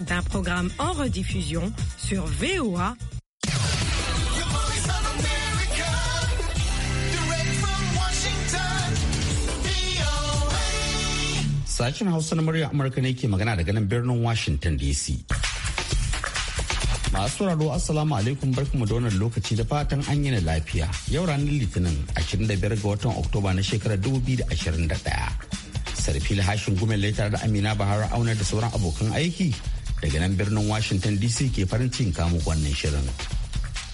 d'un programme en rediffusion sur VOA. Sashen Hausa na murya Amurka ne ke magana daga nan birnin Washington DC. Masu sauraro Assalamu alaikum barkamu da wannan lokaci da fatan an yi lafiya. Yau ranar Litinin 25 ga watan Oktoba na shekarar 2021. Sarfil hashin Gumel tare da Amina bahar Auna da sauran abokan aiki daga nan birnin washington dc ke farin cikin kamu wannan shirin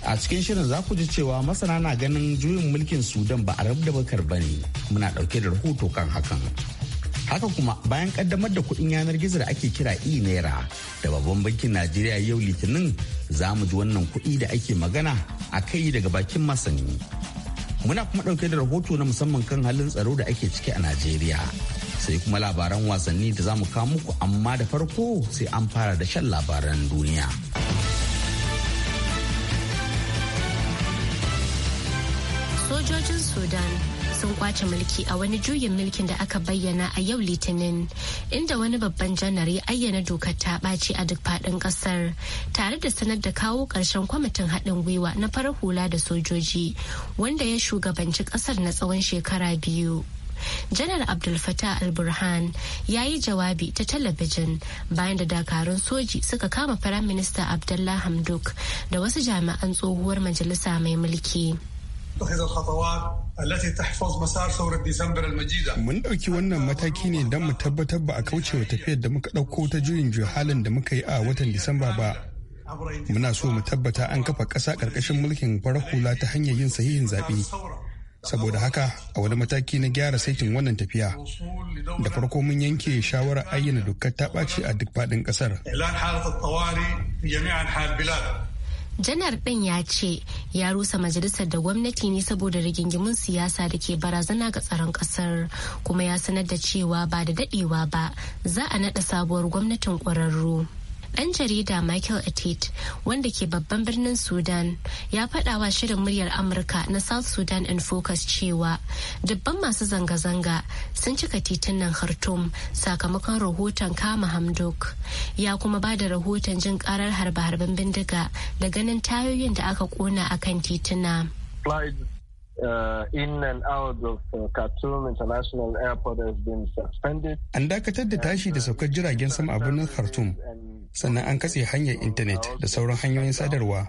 a cikin shirin za ku ji cewa masana na ganin juyin mulkin sudan ba a da bakar ba ne muna dauke da rahoto kan hakan haka kuma bayan kaddamar da kuɗin yanar gizo da ake kira e naira da babban bankin najeriya yau litinin za mu ji wannan kuɗi da ake magana a kai daga bakin masani muna kuma dauke da rahoto na musamman kan halin tsaro da ake ciki a najeriya sai kuma labaran wasanni da za mu kawo muku amma da farko sai an fara da shan labaran duniya. Sojojin Sudan sun kwace mulki a wani juyin mulkin da aka bayyana a yau litinin inda wani babban janar ya ayyana dokar ta ɓaci a duk faɗin ƙasar tare da sanar da kawo ƙarshen kwamitin haɗin gwiwa na farar hula da sojoji wanda ya shugabanci ƙasar na tsawon shekara biyu. janar abdul fatah al-burhan ya yi jawabi ta talabijin bayan da dakarun soji suka kama firayim minista abdullah hamduk da wasu jami'an tsohuwar majalisa mai mulki Mun ɗauki wannan mataki ne don mu tabbatar ba a kauce wa tafiyar da muka ɗauko ta juyin juya halin da muka yi a watan Disamba ba. Muna so mu tabbata an kafa ƙasa ƙarƙashin mulkin farar ta hanyar yin sahihin zaɓe. saboda haka a wani mataki na gyara saitin wannan tafiya da farko mun yanke shawarar ayyana dokar ta ɓaci a duk faɗin ƙasar janar ɗin ya ce ya rusa majalisar da gwamnati ne saboda rigingimun siyasa da ke barazana ga tsaron ƙasar kuma ya sanar da cewa ba da daɗewa ba za a naɗa sabuwar gwamnatin ƙwararru. Ɗan jarida Michael Atit wanda ke babban birnin Sudan ya faɗa shirin muryar Amurka na South Sudan in Focus cewa dubban masu zanga-zanga sun cika titunan Khartoum sakamakon rahoton kama Hamdok. Ya kuma ba da rahoton jin karar harbe-harben bindiga da ganin tayoyin da aka kona a kan tituna. Uh, in uh, An dakatar da tashi da saukar jiragen sama a birnin Khartoum sannan an katse hanyar intanet da sauran hanyoyin sadarwa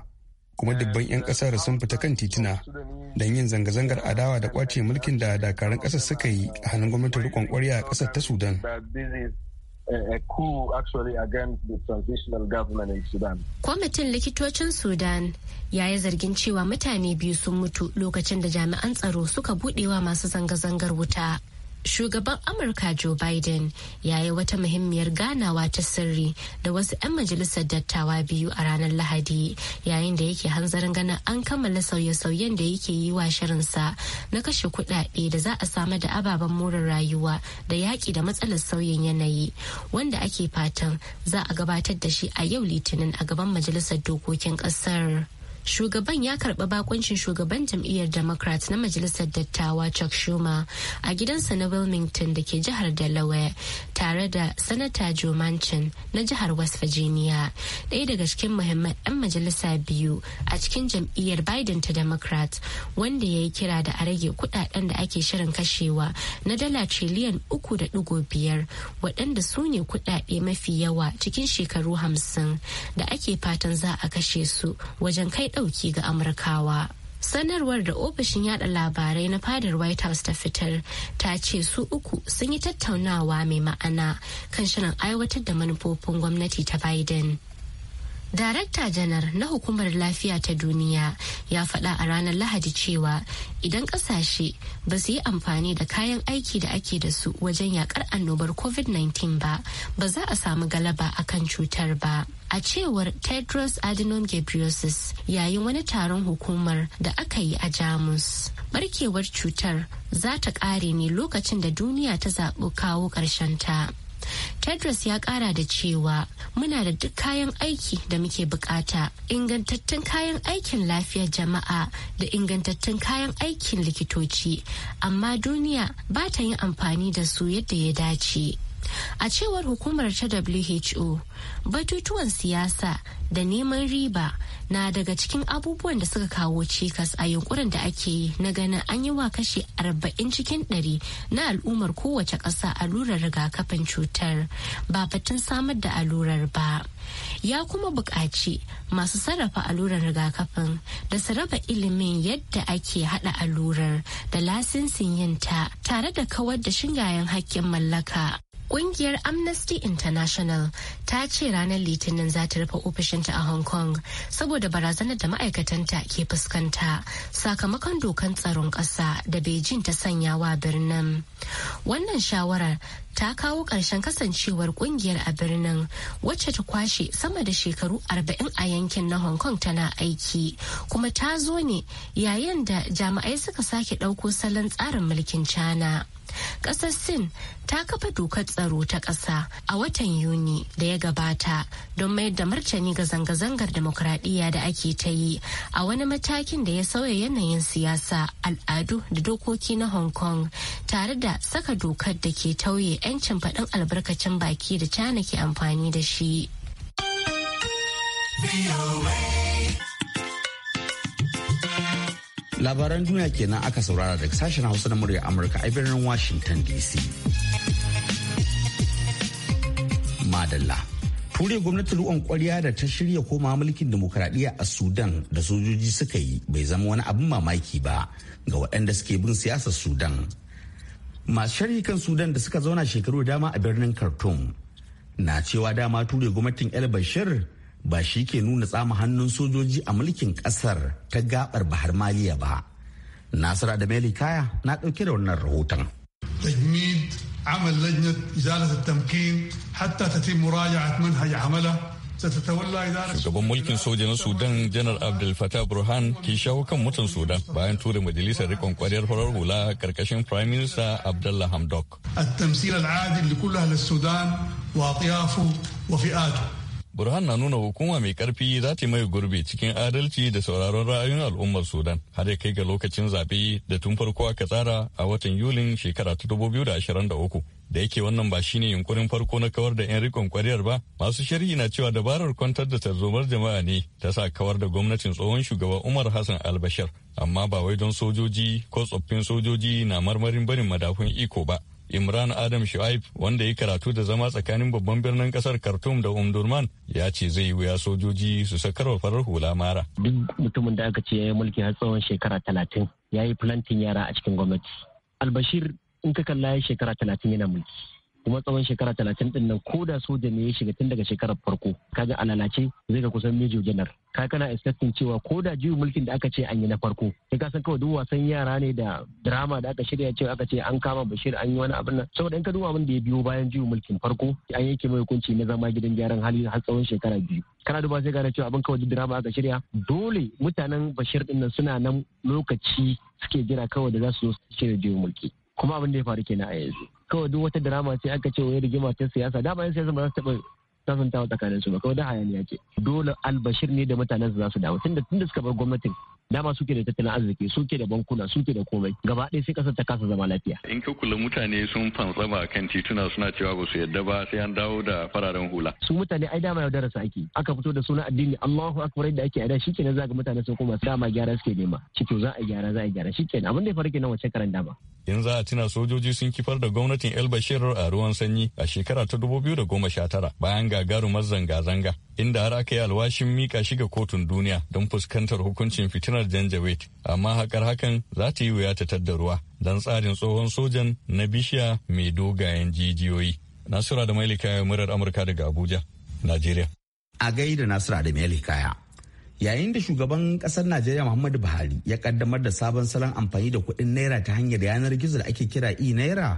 kuma dubban 'yan kasar sun fita kan tituna don yin zanga-zangar adawa da kwace mulkin da dakarun kasar suka yi a hannun gwamnatin rikon kwarya a kasar ta sudan Kwamitin likitocin Sudan ya yi zargin cewa mutane biyu sun mutu lokacin da jami'an tsaro suka buɗewa masu zanga-zangar wuta. shugaban amurka joe biden ya yi wata muhimmiyar ganawa ta sirri da wasu 'yan majalisar dattawa biyu a ranar lahadi yayin da yake hanzarin ganin an kammala sauye-sauyen da yake yi wa shirinsa na kashe kudade da za a samu da ababen more rayuwa da yaƙi da matsalar sauyin yanayi wanda ake fatan za a gabatar da shi a yau litinin a gaban majalisar dokokin ƙasar. shugaban ya karɓi bakuncin shugaban jam'iyyar democrat na majalisar dattawa chuck schumer a gidansa na wilmington da ke jihar delaware tare da sanata joe manchin na jihar west virginia ɗaya daga cikin muhimman 'yan majalisa biyu a cikin jam'iyyar biden ta democrat wanda ya yi kira da a rage kudaden da ake shirin kashewa na dala triliyan uku da digo biyar waɗanda su ne kudade mafi yawa cikin shekaru hamsin da ake fatan za a kashe su wajen kai ɗauki ga amurkawa sanarwar da ofishin yada labarai na fadar white house ta fitar ta ce su uku sun yi tattaunawa mai ma'ana kan shirin aiwatar da manufofin gwamnati ta biden Darakta janar na hukumar lafiya ta duniya ya faɗa a ranar Lahadi cewa idan ƙasashe ba su yi amfani da kayan aiki da ake da su wajen yakar annobar COVID-19 ba, ba za a samu galaba a kan cutar ba. a cewar tedros adhanom ghebreyesus yayin wani taron hukumar da aka yi a jamus barkewar cutar za ta kare ne lokacin da duniya ta zaɓi kawo ƙarshen ta. Tedros ya kara da cewa muna da duk kayan aiki da muke bukata, ingantattun kayan aikin lafiyar jama'a da ingantattun kayan aikin likitoci, amma duniya ba ta yin amfani da su yadda ya dace. A cewar hukumar ta WHO, batutuwan siyasa da neman riba na daga cikin abubuwan da suka kawo cikas a yunkurin da ake yi na ganin an yi wa kashe 40 cikin 100 na al'ummar kowace ƙasa allurar rigakafin cutar ba batun samar da allurar ba. Ya kuma buƙaci masu sarrafa allurar rigakafin da su raba ilimin yadda ake haɗa allurar da lasinsin yinta tare da kawar da shingayen hakkin mallaka. kungiyar amnesty international ta ce ranar litinin za ta rufe ofishinta a hong kong saboda barazanar da ma'aikatanta ke fuskanta sakamakon dokan tsaron ƙasa da beijing ta sanya wa birnin wannan shawarar ta kawo ƙarshen kasancewar ƙungiyar a birnin wacce ta kwashe sama da shekaru 40 a yankin na Hong Kong tana aiki kuma ta zo ne yayin da jami'ai suka sake ɗauko salon tsarin mulkin China. Ƙasar Sin ta kafa dokar tsaro ta ƙasa a watan Yuni da ya gabata don mayar da martani ga zanga-zangar demokradiyya da ake ta yi a wani matakin da ya sauya yanayin siyasa, al'adu da dokoki na Hong Kong tare da saka dokar da ke tauye 'yancin faɗin albarkacin baki da cana ke amfani da shi. Labaran duniya kenan aka saurara daga sashen Hausa na murya Amurka a birnin Washington DC. Madalla. Ture gwamnatin ruwan kwariya da ta shirya koma mulkin demokuraɗiyya a Sudan da sojoji suka yi bai zama wani abin mamaki ba ga waɗanda suke bin siyasar Sudan. masu sharhi kan sudan da suka zauna shekaru da dama a birnin khartoum na cewa dama ture gwamnatin el bashir ba shi ke nuna tsama hannun sojoji a mulkin kasar ta gabar bahar maliya ba nasir adamali kaya na dauke da wannan rahoton lajnat izalata tamkin hatta حتى تتم مراجعة منهج amala Shugaban mulkin soja na Sudan Janar abdel Fattah Burhan ke shawo kan mutan Sudan bayan tura majalisar rikon kwariyar farar hula karkashin Prime Minister Abdullah Hamdok. التمثيل العادل لكل أهل السودان وأطيافه وفئاته burhan na nuna hukuma mai karfi za ta mai gurbi cikin adalci da sauraron ra'ayin al'ummar sudan har ya kai ga lokacin zaɓe da tun farko aka tsara a watan yulin shekara ta 2023 da yake wannan ba shine yunkurin farko na kawar da 'yan rikon kwariyar ba masu sharhi na cewa dabarar kwantar da tarzomar jama'a ne ta sa kawar da gwamnatin tsohon shugaba umar hassan albashir amma ba wai don sojoji ko tsoffin sojoji na marmarin barin madafun iko ba Imran Adam Shu'aib wanda ya karatu da zama tsakanin babban birnin kasar Khartoum da Umdurman ya ce zai yi wuya sojoji su sakarwa farar hula mara. Duk mutumin da aka ce ya yi mulki har tsawon shekara talatin ya yi plantin yara a cikin gwamnati. Albashir in ka kalla ya shekara talatin yana mulki. kuma tsawon shekara talatin din nan ko da soja ne ya shiga tun daga shekarar farko kaga a lalace zai ga kusan mejo janar ka kana expectin cewa ko da juyin mulkin da aka ce an yi na farko sai ka san kawai duk wasan yara ne da drama da aka shirya cewa aka ce an kama bashir an yi wani abin nan saboda in ka duba abin da ya biyo bayan juyin mulkin farko an yanke mai hukunci na zama gidan gyaran hali har tsawon shekara biyu kana duba sai gane cewa abin kawai duk drama aka shirya dole mutanen bashir din nan suna nan lokaci suke jira kawai da za su zo su shirya juyin mulki kuma abin da ya faru kenan a yanzu kawai duk wata drama ce aka ce wai rigima ta siyasa dama yan siyasa ba za su taɓa sasantawa tsakanin su ba kawai da hayaniya ce dole albashir ne da mutanen su za su dawo tunda tunda suka bar gwamnatin dama suke da tattalin arziki suke da bankuna suke da komai gaba ɗaya sai kasar ta kasa zama lafiya in ka kula mutane sun fantsama kan tituna suna cewa ba su yadda ba sai an dawo da fararen hula su mutane ai dama yaudara su ake aka fito da sunan addini Allahu akbar da ake ada shikenan ga mutane sun koma dama gyara suke nema ciki za a gyara za a gyara shikenan abin da ya faru kenan wace karan dama in za a tuna sojoji sun kifar da gwamnatin el bashir a ruwan sanyi a shekara ta biyu da goma sha tara bayan gagarumar zanga-zanga inda har aka yi alwashin mika shi ga kotun duniya don fuskantar hukuncin fitinar janjawet amma hakar hakan za ta yi wuya ta tadda ruwa don tsarin tsohon sojan na bishiya mai dogayen jijiyoyi nasura da mailika murar amurka daga abuja najeriya a gaida nasura da mailika yayin da shugaban kasar najeriya muhammadu buhari ya kaddamar da sabon salon amfani da kuɗin naira ta hanyar yanar gizo da ake kira e naira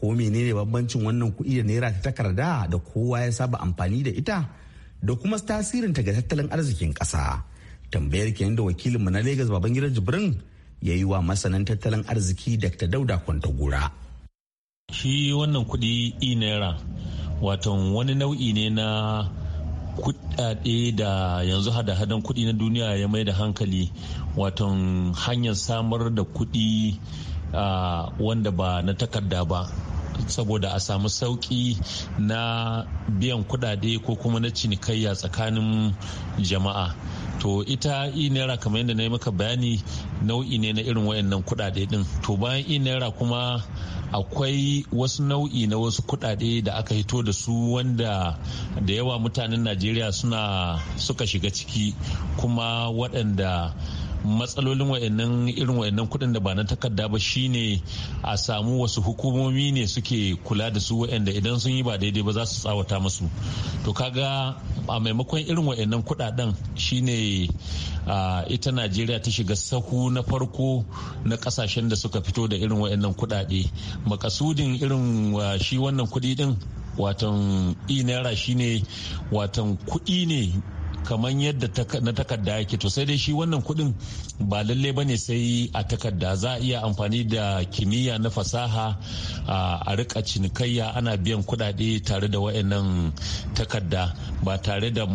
ko menene bambancin wannan kuɗi da naira ta takarda da kowa ya saba amfani da ita da kuma tasirin ta ga tattalin arzikin ƙasa tambayar kenan da wakilinmu na lagos gidan jibrin ya yi wa masanan tattalin arziki dr dauda kwantagura shi wannan kuɗi e naira watan wani nau'i ne na kudade da yanzu hada-hadan kudi na duniya ya mai da hankali waton hanyar samar da kudi wanda ba na takarda ba saboda a samu sauki na biyan kudade ko kuma na cinikayya tsakanin jama'a to ita i naira kamar yadda na yi maka bayani nau'i ne na irin wayannan kuɗaɗe din to bayan i naira kuma akwai wasu nau'i na wasu kuɗaɗe da aka hito da su wanda da yawa mutanen najeriya suna suka shiga ciki kuma waɗanda matsalolin wayannan irin wayannan kuɗin da ba na takarda ba shine a samu wasu hukumomi ne suke kula da su wayanda idan sun yi ba daidai ba za su tsawata musu to kaga a maimakon irin wayannan kuɗaɗen shine a ita najeriya ta shiga sahu na farko na kasashen da suka fito da irin wayannan kuɗaɗe makasudin irin shi wannan kuɗi din watan E naira shine watan kuɗi ne kamar yadda na takarda yake to sai dai shi wannan kuɗin ba lalle ba ne sai a takarda za a iya amfani da kimiyya na fasaha a rika cinikayya ana biyan kudade tare da wayannan takarda ba tare da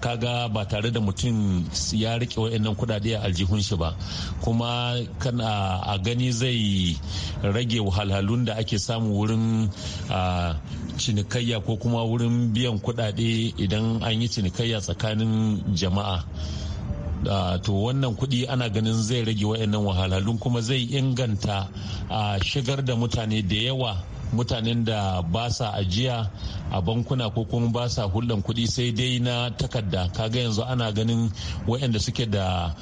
kaga ba tare da mutum ya rike wayannan kudade a aljihun shi ba kuma kan a gani zai rage wahalhalun da ake samu wurin cinikayya ko kuma wurin biyan kudade idan an yi cinikayya tsakanin jama'a to wannan kuɗi ana ganin zai rage nan wahalhalun kuma zai inganta shigar da mutane da yawa mutanen da ba sa ajiya a bankuna ko kuma ba sa hulɗan kuɗi sai dai na takarda kaga yanzu ana ganin waɗanda suke da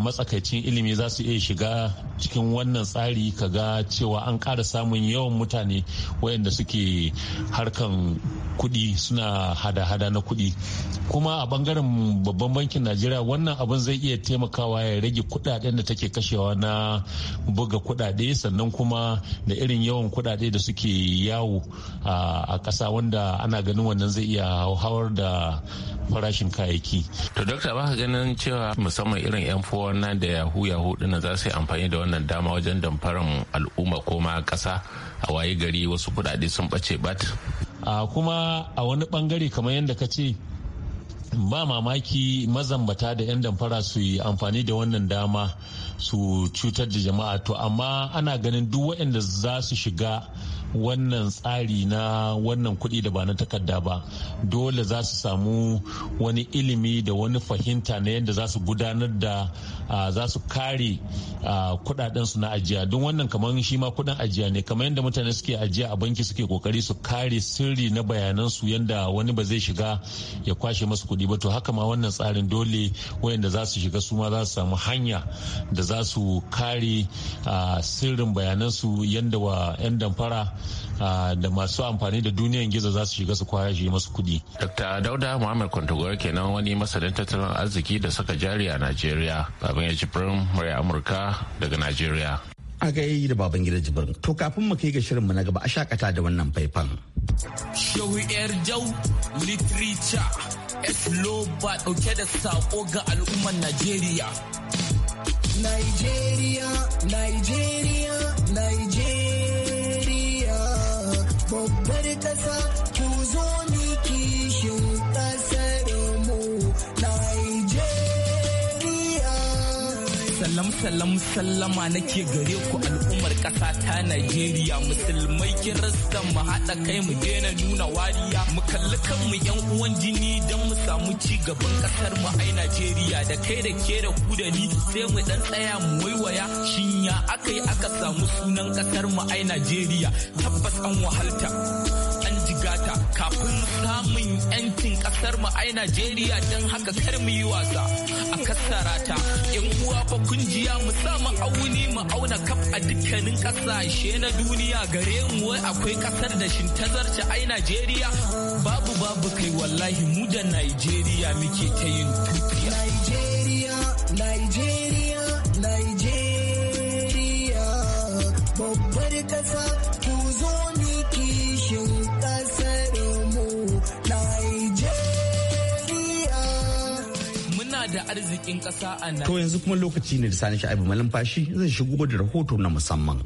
matsakaicin ilimi za su iya shiga cikin wannan tsari kaga cewa an ƙara samun yawan mutane waɗanda suke harkan kuɗi suna hada-hada na kuɗi kuma a bangaren babban bankin najeriya wannan abin zai iya taimakawa ya rage kuɗaɗen da take kashewa na buga kuɗaɗe sannan kuma da irin yawan kuɗaɗe kudade da suke yawo a ƙasa wanda ana ganin wannan zai iya hauhawar da farashin kayayyaki. To dokta baka ganin cewa musamman irin 'yan nan da yahu yahu dina za su yi amfani da wannan dama wajen damfaran al'umma ko ma ƙasa a waye gari wasu kudade sun bace bat. A kuma a wani bangare kamar yadda ka ce ba mamaki mazambata da 'yan damfara su yi amfani da wannan dama su cutar da jama'a to amma ana ganin duk waɗanda za su shiga wannan tsari na wannan kuɗi da ba na takarda ba dole za su samu wani ilimi da wani fahimta na yadda za su gudanar da za su kare kuɗaɗensu na ajiya don wannan kamar shi ma kuɗin ajiya ne kamar yadda mutane suke ajiya a banki suke kokari su kare sirri na bayanansu yadda wani ba zai shiga ya kwashe masu kuɗi ba to haka ma wannan tsarin dole wayanda za su shiga su ma za su samu hanya da za su kare sirrin bayanansu yadda wa 'yan damfara Ah, da masu amfani da duniyan gizo za su shiga su shi masu kuɗi. Dr. Dauda Muhammad Kwantagoro kenan wani masanin tattalin arziki da saka jari a Najeriya. Baban ya murya Amurka daga Najeriya. A ga yayi da baban gida jibrin. To kafin mu kai ga shirin mu na gaba a shakata da wannan faifan. Shehu yar Jau Literature Esloba dauke da sako ga al'ummar Najeriya. Nigeria, Nigeria, Nigeria. salam sallama nake gare ku al'ummar ƙasa ta Najeriya musulmai kirista mu haɗa kai mu daina nuna wariya mu kalli kanmu yan uwan jini dan mu samu ci gaban ƙasar mu ai Najeriya da kai da ke da ku da ni sai mu dan tsaya mu waiwaya shinya aka yi aka samu sunan ƙasar mu ai Najeriya tabbas an wahalta jigata kafin samun yancin kasar mu ai Najeriya don haka kar mu yi wasa a kasarata. kowa fa kungiya mu sa mu auni mu auna kaf a dukkanin kasashe na duniya gare mu wai akwai kasar da shin tazarce ai Najeriya babu babu kai wallahi mu da Najeriya muke ta yin tufiya Najeriya Najeriya Najeriya babbar kasa arzikin ƙasa a nan. To yanzu kuma lokaci ne da sani sha'ibu malumfashi zai shigo da rahoto na musamman.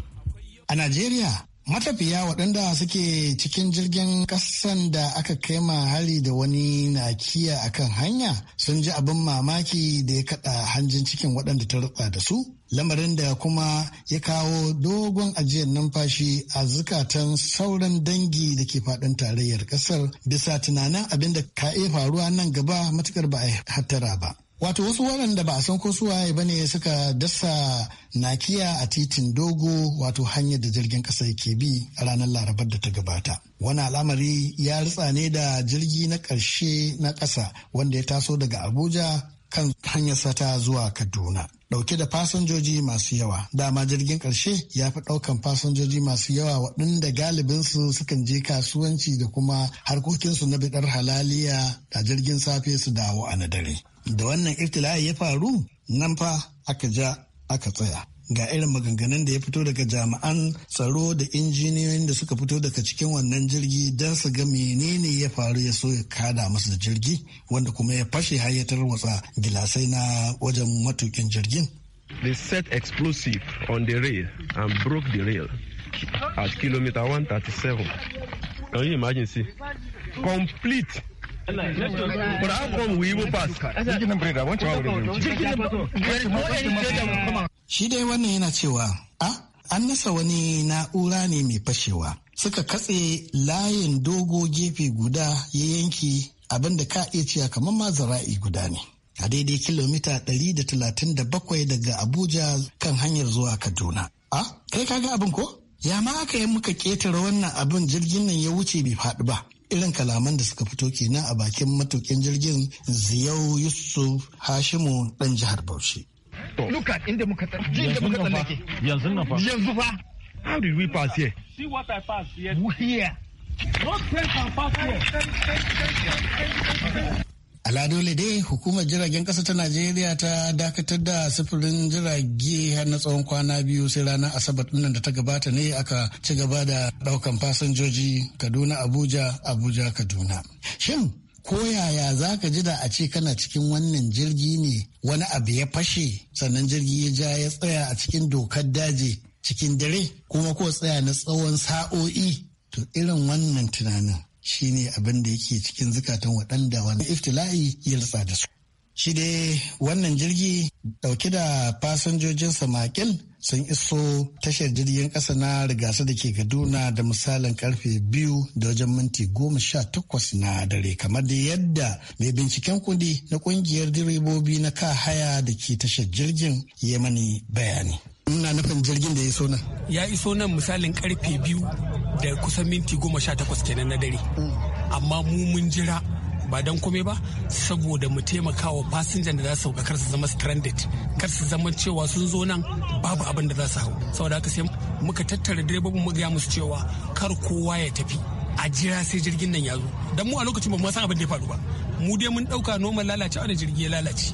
A Najeriya matafiya waɗanda suke cikin jirgin ƙasan da aka kai ma hari da wani nakiya a kan hanya sun ji abin mamaki da ya kaɗa hanjin cikin waɗanda ta rutsa da su lamarin da kuma ya kawo dogon ajiyar numfashi a zukatan sauran dangi da ke faɗin tarayyar ƙasar bisa tunanin abin da ka iya faruwa nan gaba matukar ba a hattara ba Wato wasu waɗanda ba a san ko su ba ne suka dasa nakiya a titin dogo wato hanyar da jirgin ƙasa ke bi a ranar larabar da ta gabata. Wani al'amari ya ritsa ne da jirgi na ƙarshe na ƙasa wanda ya taso daga Abuja kan hanyar sata zuwa Kaduna. Dauke da fasinjoji masu yawa, dama jirgin ƙarshe ya fi ɗaukan fasinjoji masu yawa waɗanda galibinsu sukan je kasuwanci da kuma harkokinsu na bidar halaliya da jirgin safe su dawo a na dare. da wannan iftila'i ya faru nan fa aka ja aka tsaya ga irin maganganun da ya fito daga jami'an tsaro da injiniyoyin da suka fito daga cikin wannan jirgi don su ga menene ya faru ya so ya kada masu da jirgi wanda kuma ya fashe har ya tarwatsa gilasai na wajen matukin jirgin. They set explosive on the rail and broke the rail at kilometer 137. Can you imagine see? Complete Shi dai wannan yana cewa, a an nasa wani na'ura ne mai fashewa. Suka katse layin dogo gefe guda ya yanki abinda ka iya cewa kamar ma zara'i guda ne. A daidai kilomita 137 daga Abuja kan hanyar zuwa Kaduna. A, kai kaga abin ko? Ya ma aka yi muka ketare wannan abin jirgin nan ya wuce bai faɗi ba. irin kalaman da suka fito kenan a bakin matukin jirgin ziyau yusuf hashimu dan jihar bauchi Luka inda muka tsallake. Yanzu fa. dole dai hukumar jiragen kasa ta najeriya ta dakatar da sufurin jirage har na tsawon kwana biyu sai ranar asabar dinnan da ta gabata ne aka ci gaba da ɗaukan fasinjoji kaduna abuja abuja kaduna shin ko yaya za ka ji da a ce kana cikin wannan jirgi ne wani abu ya fashe sannan jirgi ya ja ya tsaya a cikin dokar daji cikin dare kuma ko tsaya na tsawon sa'o'i to irin wannan tunanin Shi ne abin da yake cikin zukatan waɗanda wani iftila'i ya rutsa da su. Shi dai wannan jirgi Ɗauke da fasinjojin samakil sun iso tashar jirgin ƙasa na rigasa da ke Kaduna da misalin karfe biyu da wajen minti goma sha takwas na dare kamar da yadda mai binciken kundi na ƙungiyar direbobi na ka haya da ke tashar jirgin ya mani bayani. Muna nufin jirgin da ya iso nan. Ya iso nan misalin karfe biyu da kusan minti goma sha takwas kenan na dare. Hmm. Amma mu mun jira ba dan kome ba saboda mu taimaka wa fasinjan da za su kar su zama stranded kar su zama cewa sun zo nan babu abin da za su hau saboda haka sai muka tattara direbobin mu gaya musu cewa kar kowa ya tafi a jira sai jirgin nan ya zo dan mu a lokacin ba mu san abin da ya faru ba mu dai mun dauka noman lalace wani jirgi ya lalace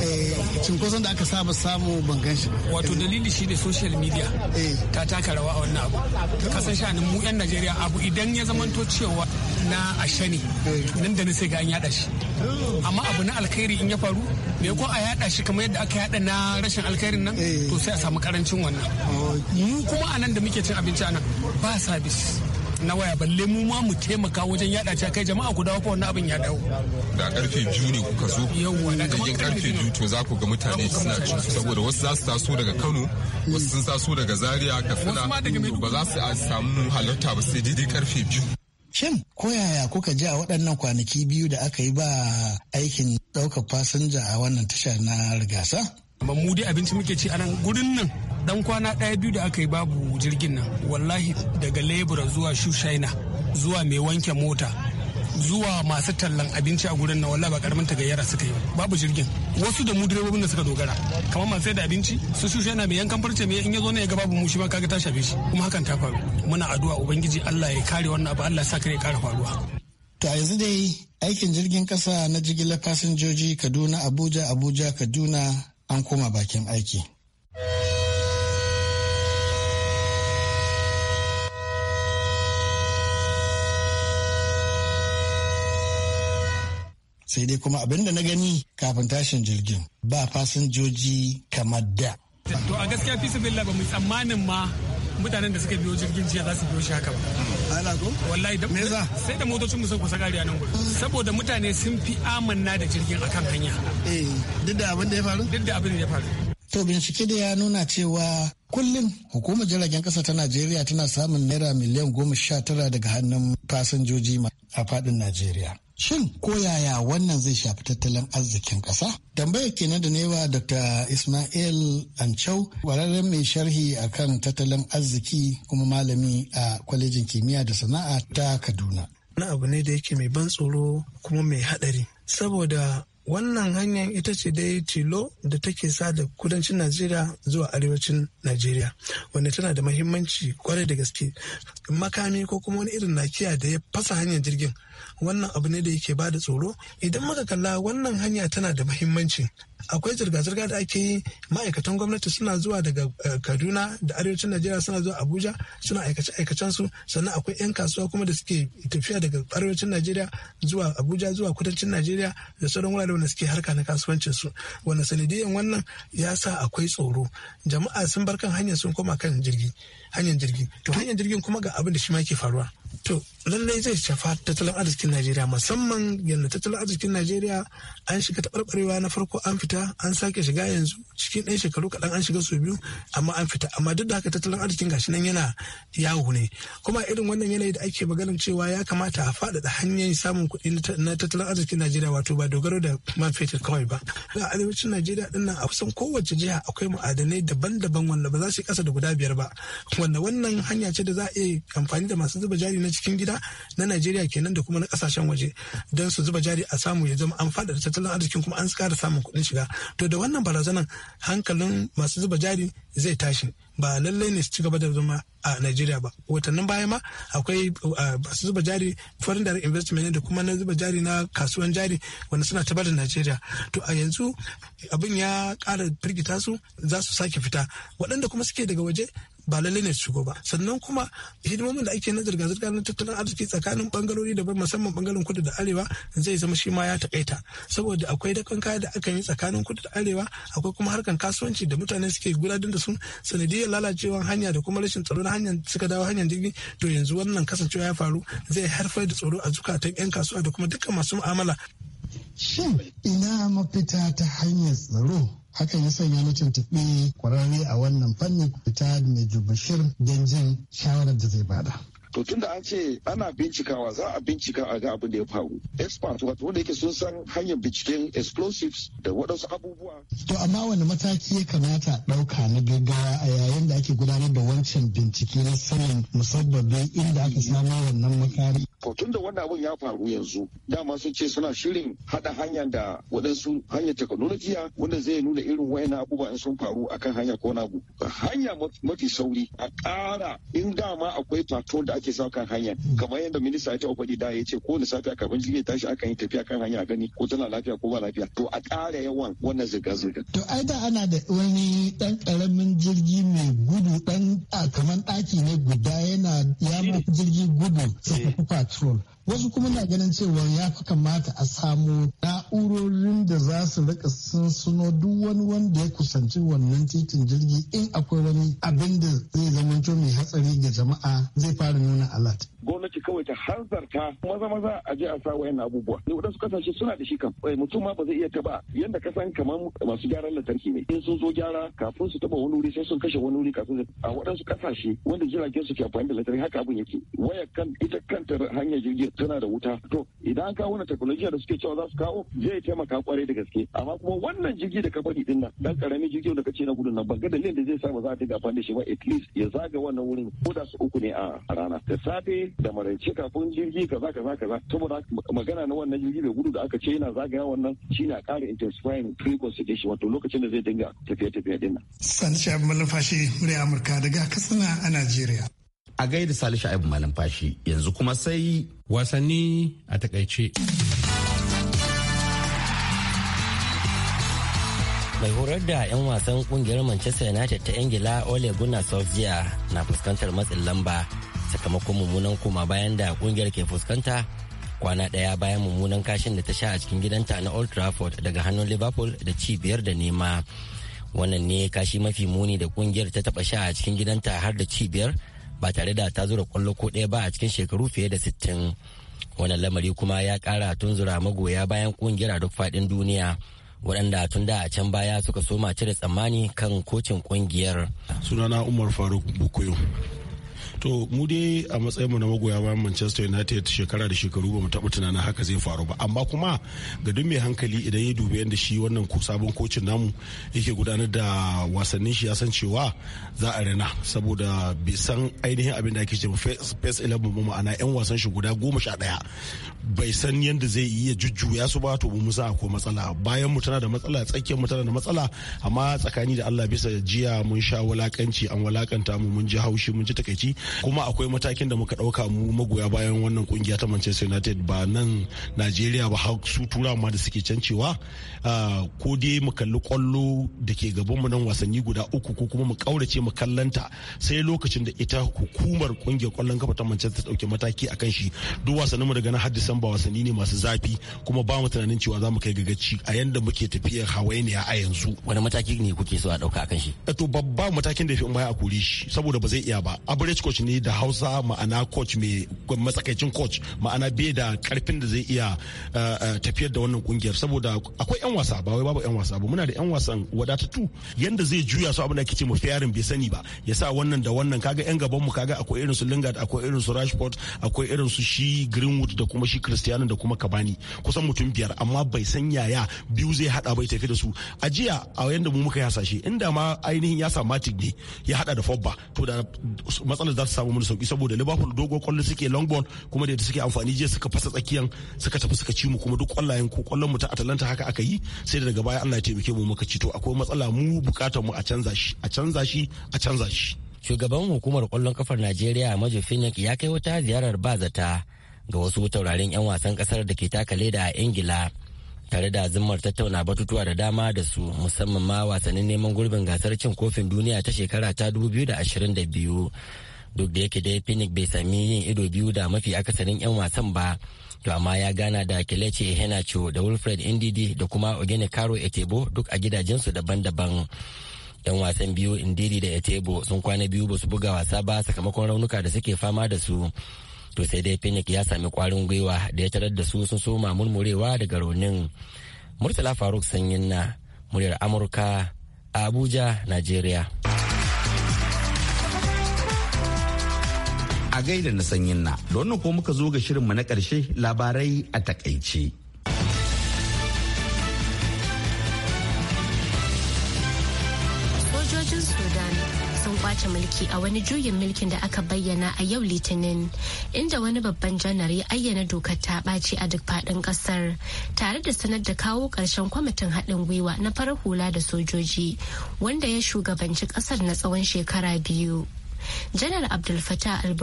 Eh, cinkoson da aka saba samu banganshi. wato dalili shi ne social media eh. ta taka rawa a wannan abu kasan shanin mu yan najeriya abu idan ya zamanto cewa na ashe ne eh. nan da na sai ga an yada shi amma abu na alkhairi in ya faru me ko a yada shi kamar yadda aka yada na rashin alkhairin nan to sai a samu karancin wannan oh. mu kuma a nan da muke cin abinci anan ba sabis na waya balle mu ma mu taimaka wajen yada ta kai jama'a ku dawo fa wannan abin ya dawo da karfe biyu ne kuka zo yayin karfe biyu to za ku ga mutane suna ci saboda wasu za su taso daga Kano wasu sun taso daga Zaria Katsina ba za su samu halarta ba sai daidai karfe biyu Shin ko yaya kuka ji a waɗannan kwanaki biyu da aka yi ba aikin ɗaukar fasinja a wannan tashar na rigasa? Amma mu dai abinci muke ci a nan gurin nan dan kwana ɗaya biyu da aka yi babu jirgin nan wallahi daga lebura zuwa shushaina zuwa mai wanke mota zuwa masu tallan abinci a gurin na walla ba karamin tagayyara suka yi babu jirgin wasu da mu direbobin da suka dogara kamar man sai da abinci su shushe yana mai yankan farce mai in ya zo ne ya ga babu mu shi ma kaga ta shafe shi kuma hakan ta faru muna addu'a ubangiji Allah ya kare wannan abu Allah sa kare ya kara faruwa to a yanzu dai aikin jirgin kasa na jigilar fasinjoji Kaduna Abuja Abuja Kaduna an koma bakin aiki sai dai kuma abin da na gani kafin tashin jirgin ba fasinjoji kamar da. To a gaskiya fi sabilla ba mu tsammanin ma mutanen da suka biyo jirgin jiya za su biyo shi haka ba. Ala ko? Wallahi da Meza? sai da motocin mu kusa gari a nan gurin. Saboda mutane sun fi amanna da jirgin akan hanya. Eh, duk da abin da ya faru? Duk da abin da ya faru. To bincike da ya nuna cewa kullum hukumar jiragen kasa ta Najeriya tana samun naira miliyan goma sha tara daga hannun fasinjoji a faɗin Najeriya. Shin ko yaya wannan zai shafi tattalin arzikin ƙasa? Tambaya kenan da newa Dr. Ismail Ancau, wararren mai sharhi a kan tattalin arziki kuma malami a kwalejin kimiyya da sana'a ta Kaduna. Wani abu ne da yake mai ban tsoro kuma mai haɗari. Saboda wannan hanyar ita ce dai tilo da take sa da kudancin najeriya zuwa arewacin najeriya wanda tana da mahimmanci kwarai da gaske makami ko kuma wani irin nakiya da ya fasa hanyar jirgin wannan abu ne da yake bada tsoro idan muka kalla wannan hanya tana da muhimmanci akwai zirga-zirga da ake yi ma'aikatan gwamnati suna zuwa daga eh, kaduna da arewacin najeriya suna zuwa abuja suna aikace-aikacen su sannan akwai 'yan kasuwa kuma da suke tafiya daga arewacin najeriya zuwa abuja zuwa kudancin najeriya da sauran wurare wanda suke harka na kasuwancin su wanda sanadiyan wannan ya sa akwai tsoro jama'a sun bar kan hanyar sun koma kan jirgi hanyar jirgi to hanyar jirgin kuma ga abin da shi ma yake faruwa to lallai zai shafa tattalin arzikin najeriya musamman yadda tattalin arzikin najeriya an shiga taɓarɓarewa na farko an fita fita an sake shiga yanzu cikin ɗan shekaru kaɗan an shiga su biyu amma an fita amma duk da haka tattalin arzikin gashi nan yana yawo ne kuma irin wannan yanayi da ake maganin cewa ya kamata a faɗaɗa hanyar samun kuɗi na tattalin arzikin najeriya wato ba dogaro da man fetur kawai ba a arewacin najeriya ɗin nan a kusan kowace jiha akwai ma'adanai daban-daban wanda ba za su yi ƙasa da guda biyar ba wanda wannan hanya ce da za a iya amfani da masu zuba jari na cikin gida na najeriya kenan da kuma na ƙasashen waje don su zuba jari a samu ya zama an faɗaɗa tattalin arzikin kuma an ƙara samun kuɗin shiga shiga to da wannan barazanar hankalin masu zuba jari zai tashi ba lallai ne su ci gaba da zama a Najeriya ba watannin baya ma akwai masu zuba jari foreign direct investment da kuma na zuba jari na kasuwan jari wanda suna ta da Najeriya to a yanzu abin ya ƙara firgita su za su sake fita waɗanda kuma suke daga waje ba lallai ne su shigo ba sannan kuma hidimomin da ake na zirga-zirga na tattalin arziki tsakanin bangarori daban musamman bangaren kudu da arewa zai zama shi ma ya takaita saboda akwai dakan kaya da aka yi tsakanin kudu da arewa akwai kuma harkan kasuwanci da mutane suke gudanar da su sanadiyar lalacewar hanya da kuma rashin tsaro na hanyar suka dawo hanyar jirgi to yanzu wannan kasancewa ya faru zai haifar da tsoro a zukatan 'yan kasuwa da kuma dukkan masu mu'amala. Shin ina mafita ta hanyar tsaro hakan ya sanya na tuntuɓi kwararre a wannan fannin fita mai jubashir don jin shawarar da zai bada. to tun an ce ana bincikawa za a bincika a ga abin da ya faru expert wato wanda yake sun san hanyar binciken explosives da waɗansu abubuwa to amma wani mataki ya kamata ɗauka na gaggawa a yayin da ake gudanar da wancan bincike na sanin musabbabin inda aka samo wannan makari to tun da wannan abun ya faru yanzu dama sun ce suna shirin hada hanyar da waɗansu hanyar teknolojiya wanda zai nuna irin wayan abubuwa in sun faru akan hanya ko na hanya mafi sauri a ƙara in dama akwai fato da ake sa kan hanya kamar yadda minista ya taɓa faɗi da ya ce ko da a kafin jirgin tashi akan yi tafiya kan hanya gani ko tana lafiya ko ba lafiya to a ƙara yawan wannan zirga-zirga. to ai da ana da wani ɗan ƙaramin jirgi mai gudu ɗan kamar ɗaki ne guda yana ya jirgi gudu small wasu kuma na ganin cewa ya fi kamata a samu na'urorin da za su rika suno duk wani wanda ya kusanci wannan titin jirgi in akwai wani abin da zai zamanto mai hatsari ga jama'a zai fara nuna alat gwamnati kawai ta hanzarta maza maza a je a sa wayan abubuwa ne wadansu kasashe suna da shi kan eh, mutum ma ba zai iya taba yanda ka san kamar masu gyaran lantarki ne in sun zo gyara kafin su taba wani wuri sai sun kashe wani wuri kafin a wadansu kasashe wanda jiragen su ke amfani da lantarki haka abin yake waya kan ita kanta hanyar jirgin tana da wuta to idan an kawo wannan teknoloji da suke cewa za su kawo zai taimaka kwarai da gaske amma kuma wannan jirgi da ka faɗi din dan karamin jirgi da kace na gudun nan ban ga dalilin da zai sa ba za ta dinga amfani da shi ba at least ya zaga wannan wurin ko da su uku ne a rana da safe da maraice kafin jirgi kaza kaza kaza saboda magana na wannan jirgi da gudu da aka ce yana zagaya wannan shine a ƙara intensifying frequency da shi wato lokacin da zai dinga tafiye-tafiye din nan. Sani Shabi Malafashi, Murya Amurka daga Katsina a Najeriya. a gaida salisha aibu malam fashi yanzu kuma sai wasanni a takaice mai horar da 'yan wasan kungiyar manchester united ta ingila ole gunnar solskjaer na fuskantar matsin lamba sakamakon mummunan kuma bayan da kungiyar ke fuskanta kwana daya bayan mummunan kashin da ta sha a cikin gidanta na old trafford daga hannun liverpool da ci biyar da nema wannan ne kashi mafi muni da kungiyar ta taba sha a cikin gidanta har da ci biyar ba tare da ta zura kwallo ko ɗaya ba a cikin shekaru fiye da sittin wannan lamari kuma ya ƙara tunzura magoya bayan ƙungiyar a duk faɗin duniya waɗanda tun da a can baya suka soma cire tsammani kan kocin ƙungiyar sunana umar faruk bukuyo to mu dai a matsayinmu na magoya bayan manchester united shekara da shekaru ba mu taɓa tunanin haka zai faru ba amma kuma ga duk mai hankali idan ya dubi yadda shi wannan sabon kocin namu yake gudanar da wasannin shi ya san cewa za a rena saboda bai san ainihin abin da ake ce face 11 ba ma'ana yan wasan shi guda goma sha ɗaya bai san yadda zai iya jujjuya su ba to mu musa ko matsala bayan mu tana da matsala tsakiyar mu tana da matsala amma tsakani da Allah bisa jiya mun sha walakanci an walakanta mu mun ji haushi mun ji takaici kuma akwai matakin da muka dauka mu magoya bayan wannan kungiya ta Manchester United ba nan Najeriya ba har su tura ma da suke can ah, ko dai mu kalli kwallo da ke gaban mu nan wasanni guda uku ko kuma mu kaurace mu kallanta sai lokacin da ita hukumar kungiyar kwallon kafa ta Manchester ta dauke mataki akan shi duk wasanninmu mu daga na haddisa ba wasanni ne masu zafi kuma ba mu tunanin cewa za mu kai gaci a yanda muke tafiyar hawainiya a yanzu wani mataki ne kuke so a dauka akan shi eh to babba matakin da ya fi in baya a kore shi saboda ba zai iya ba average coach ne da hausa ma'ana coach mai matsakaicin coach ma'ana bai da karfin da zai iya eh, eh, tafiyar da wannan kungiyar saboda akwai yan wasa ba wai babu yan wasa ba muna da yan wasan wadatattu yanda zai juya su abin da kace mu fiyarin bai sani ba ya sa wannan da wannan kaga yan gaban mu kaga akwai irin su Lingard akwai irin su Rashford akwai irin su shi Greenwood da kuma shi Cristiano da kuma Kabani kusan mutum biyar amma bai san yaya biyu zai hada bai tafi da su a jiya a yanda mu muka hasashe inda ma ainihin ya Matic ne ya hada da Fobba to da matsalar za ta samu mun sauki saboda Liverpool dogo kwallo suke long kuma da suke amfani jiya suka fasa tsakiyan suka tafi suka ci mu kuma duk kwallayen ko kwallon mu ta Atalanta haka aka yi sai daga baya Allah ya taimake mu muka ci to akwai matsala mu bukatar mu a canza shi a canza shi a canza shi shugaban hukumar kwallon kafar najeriya majo finik ya kai wata ziyarar ba zata ga wasu taurarin 'yan wasan kasar da ke taka leda a ingila tare da zimmar tattauna batutuwa da dama da su musamman ma wasannin neman gurbin gasar cin kofin duniya ta shekara ta 2022 duk da yake dai phoenix bai sami yin ido biyu da mafi akasarin 'yan wasan ba to amma ya gana da kelechi henacho da wilfred ndidi da kuma ogene karo etebo duk a gidajensu daban-daban yan wasan biyu indidi da etebo sun kwana biyu ba su buga wasa ba sakamakon raunuka da suke fama da su to sai dai Phoenix ya sami kwarin gwiwa da ya tarar da su sun soma murmurewa daga raunin Murtala Faruk Sanyin na muryar Amurka a Abuja, nigeria. A gaida na sanyin na, da wannan ko muka zo ga shirinmu na karshe labarai a takaice. Sojojin Sudan kwace mulki a wani juyin mulkin da aka bayyana a yau litinin inda wani babban janar ya ayyana dokar ta ɓaci a duk faɗin ƙasar tare da sanar da kawo ƙarshen kwamitin haɗin gwiwa na farar hula da sojoji wanda ya shugabanci ƙasar na tsawon shekara biyu. janar abdul fatah al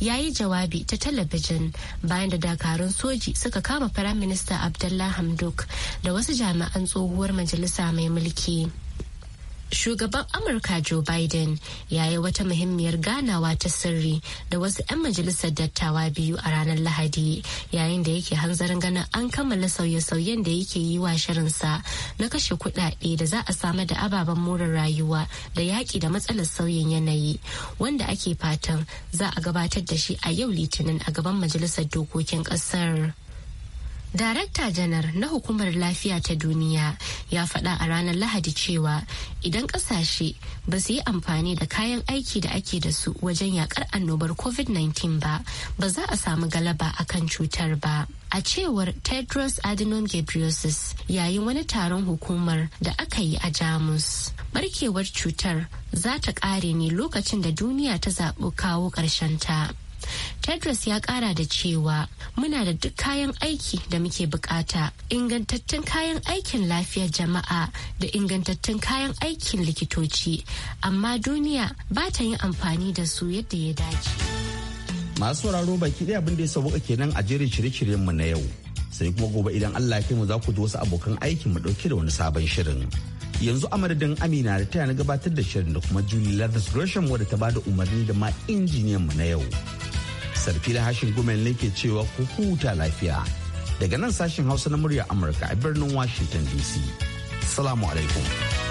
ya yi jawabi ta talabijin bayan da dakarun soji suka kama firaminista abdullah hamduk da wasu jami'an tsohuwar majalisa mai mulki shugaban amurka joe biden ya yi wata muhimmiyar ganawa ta sirri da wasu 'yan majalisar dattawa biyu a ranar lahadi yayin da yake hanzarin ganin an kammala sauye-sauyen da yake yi wa shirinsa na kashe kudade da za a samar da ababen more rayuwa da yaƙi da matsalar sauyin yanayi wanda ake fatan za a gabatar da shi a yau litinin a gaban majalisar dokokin ƙasar. Darakta janar na hukumar lafiya ta duniya ya faɗa a ranar Lahadi cewa idan ƙasashe ba su yi amfani da kayan aiki da ake da su wajen yakar annobar COVID-19 ba, ba za a samu galaba a kan cutar ba. A cewar Tedros Adhanom Ghebreyesus yayin wani taron hukumar da aka yi a Jamus. Barkewar cutar za ta ƙare ne lokacin da duniya ta zaɓi kawo ƙarshen ta. tedros ya kara da cewa muna da duk kayan aiki da muke bukata ingantattun kayan aikin lafiyar jama'a da ingantattun kayan aikin likitoci amma duniya ba ta yin amfani da su yadda ya dace masu sauraro baki ɗaya abin da ya sauka kenan a jerin shirye mu na yau sai kuma gobe idan allah ya kai mu za ku ji wasu abokan aikin mu ɗauke da wani sabon shirin yanzu amadadin amina da taya na gabatar da shirin da kuma julie lathis roshan wadda ta bada umarni da ma injiniyan mu na yau sarfila hashin gumen ne ke cewa ku huta lafiya daga nan sashin hausa na murya amurka a birnin washington dc salamu alaikum